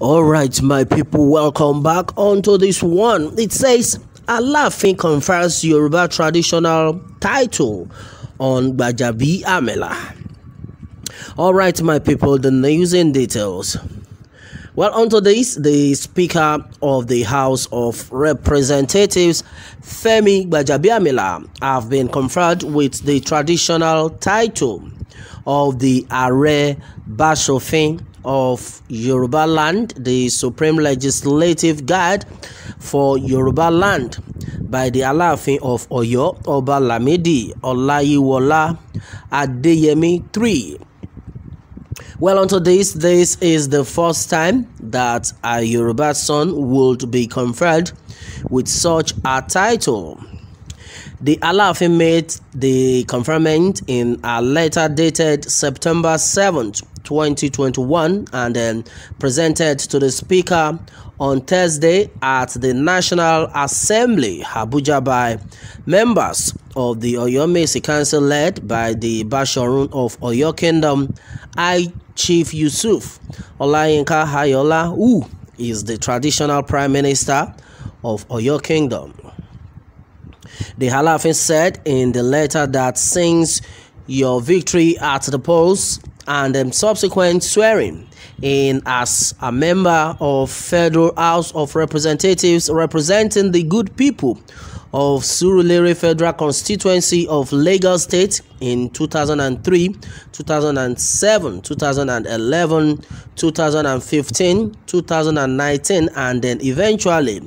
All right, my people, welcome back onto this one. It says Alaafin confers Yoruba traditional title on Bajabi Amela. All right, my people, the news and details. Well, onto this, the Speaker of the House of Representatives, Femi Amela, have been conferred with the traditional title of the Are Bashofin of Yoruba Land, the Supreme Legislative Guard for Yoruba Land, by the Alaafin of Oyo, Oba Lamidi Olayiwola Adeyemi III. Well, unto this, this is the first time that a Yoruba son would be conferred with such a title. The Alafin made the conferment in a letter dated September 7th, 2021 and then um, presented to the Speaker on Thursday at the National Assembly, Abuja, by members of the Oyomesi Council led by the Bashorun of Oyo Kingdom, I Chief Yusuf Olayinka Hayola, who is the traditional Prime Minister of Oyo Kingdom. The halafin said in the letter that since your victory at the polls and um, subsequent swearing in as a member of Federal House of Representatives representing the good people of Surulere Federal Constituency of Lagos State in 2003, 2007, 2011, 2015, 2019, and then eventually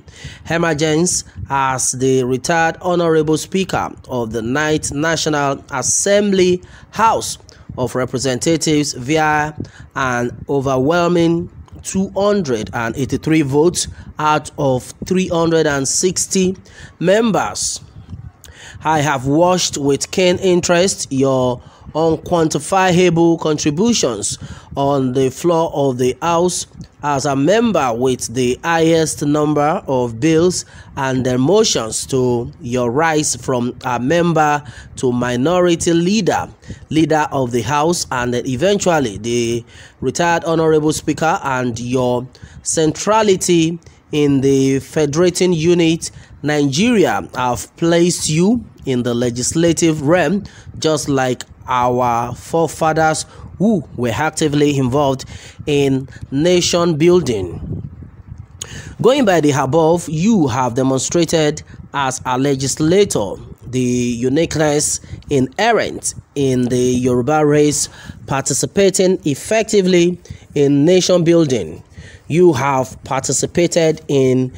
emergence as the retired Honorable Speaker of the Ninth National Assembly House of Representatives via an overwhelming 283 votes out of 360 members. I have watched with keen interest your unquantifiable contributions on the floor of the House as a member with the highest number of bills and motions to your rise from a member to minority leader, leader of the House, and eventually the retired Honorable Speaker, and your centrality in the federating unit Nigeria have placed you in the legislative realm just like our forefathers who were actively involved in nation building. Going by the above, you have demonstrated as a legislator the uniqueness inherent in the Yoruba race participating effectively in nation building. You have participated in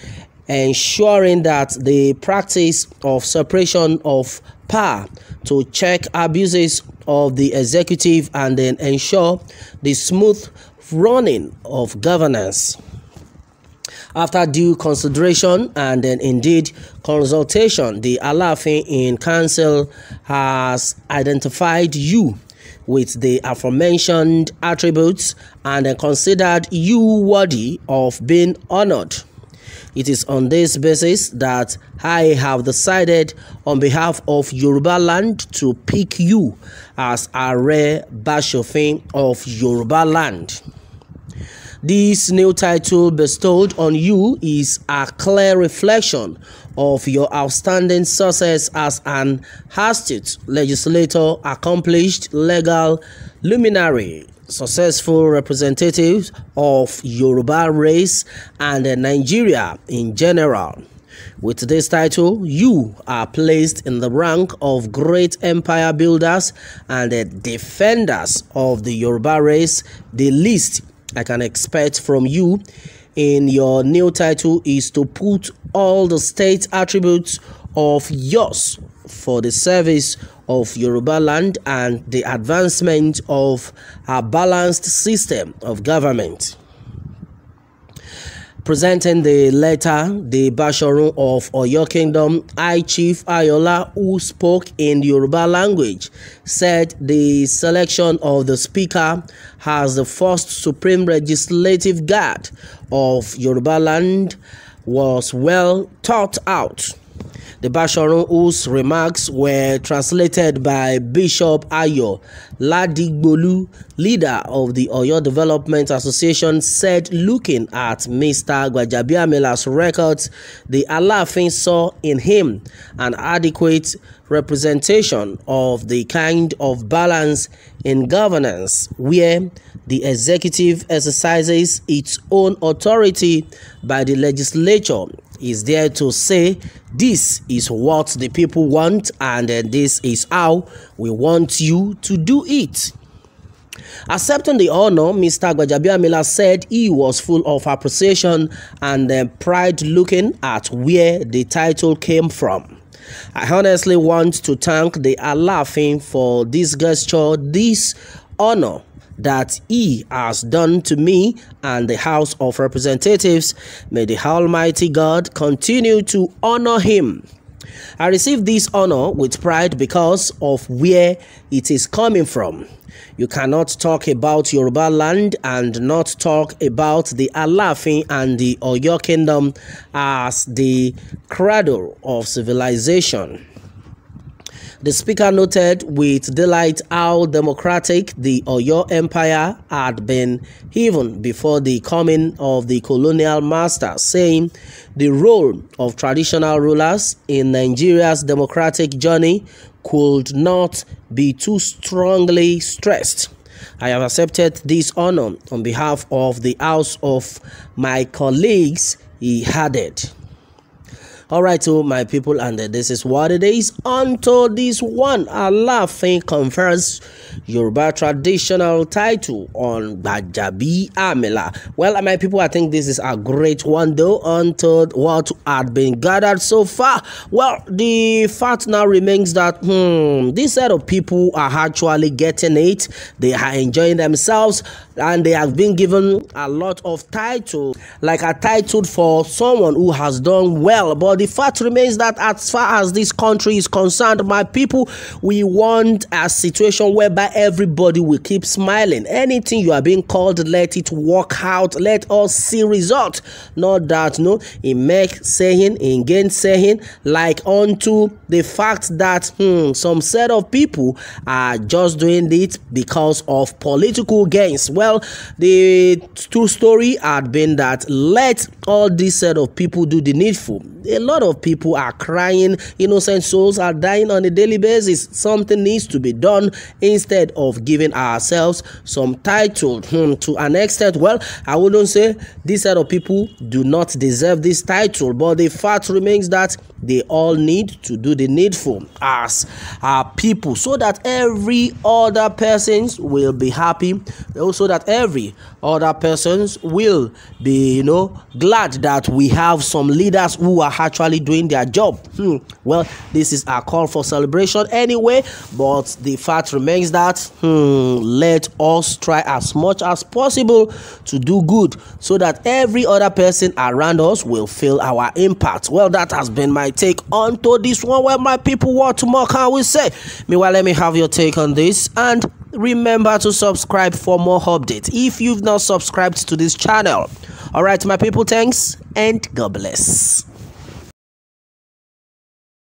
ensuring that the practice of separation of power to check abuses of the executive and then ensure the smooth running of governance. After due consideration and then indeed consultation, the Alafin in Council has identified you with the aforementioned attributes and considered you worthy of being honored. It is on this basis that I have decided on behalf of Yoruba land to pick you as a basho Bashofin of Yoruba land. This new title bestowed on you is a clear reflection of your outstanding success as an astute legislator, accomplished legal luminary, successful representatives of Yoruba race and uh, Nigeria in general. With this title, you are placed in the rank of great empire builders and the uh, defenders of the Yoruba race. The least I can expect from you in your new title is to put all the state attributes of yours for the service of Yoruba land and the advancement of a balanced system of government. Presenting the letter, the Bashorun of Oyo Kingdom, High Chief Ayola, who spoke in Yoruba language, said the selection of the speaker as the first supreme legislative guard of Yoruba land was well thought out. The Basharun, whose remarks were translated by Bishop Ayo Ladigbolu, leader of the Oyo Development Association, said looking at Mr. Gbajabiamela's records, the Alaafin saw in him an adequate representation of the kind of balance in governance where the executive exercises its own authority by the legislature is there to say this is what the people want and uh, this is how we want you to do it. Accepting the honor, Mr. Miller said he was full of appreciation and uh, pride looking at where the title came from. I honestly want to thank the Alaafin for this gesture, this honor that he has done to me and the House of Representatives. May the Almighty God continue to honor him. I receive this honor with pride because of where it is coming from. You cannot talk about Yoruba land and not talk about the Alafin and the Oyo Kingdom as the cradle of civilization. The speaker noted with delight how democratic the Oyo Empire had been even before the coming of the colonial master, saying the role of traditional rulers in Nigeria's democratic journey could not be too strongly stressed. I have accepted this honor on behalf of the House of my colleagues, he added. All right, so my people, and uh, this is what it is. Until this one, a laughing conference, Yoruba traditional title on Bajabi Amela. Well, my people, I think this is a great one though. Until what had been gathered so far, well, the fact now remains that hmm, this set of people are actually getting it. They are enjoying themselves, and they have been given a lot of title, like a title for someone who has done well, but the fact remains that as far as this country is concerned, my people, we want a situation whereby everybody will keep smiling. Anything you are being called, let it work out. Let us see result. Not that no, in make saying, in gain saying, like unto the fact that hmm, some set of people are just doing it because of political gains. Well, the true story had been that let all this set of people do the needful. A lot of people are crying. Innocent souls are dying on a daily basis. Something needs to be done instead of giving ourselves some title hmm, to an extent. Well, I wouldn't say this set of people do not deserve this title, but the fact remains that they all need to do the needful as our people so that every other persons will be happy also that every other persons will be you know glad that we have some leaders who are actually actually doing their job. Hmm. Well, this is a call for celebration anyway, but the fact remains that hmm, let us try as much as possible to do good so that every other person around us will feel our impact. Well, that has been my take on to this one where my people want to more can we say? Meanwhile, let me have your take on this and remember to subscribe for more updates if you've not subscribed to this channel. All right, my people, thanks and God bless.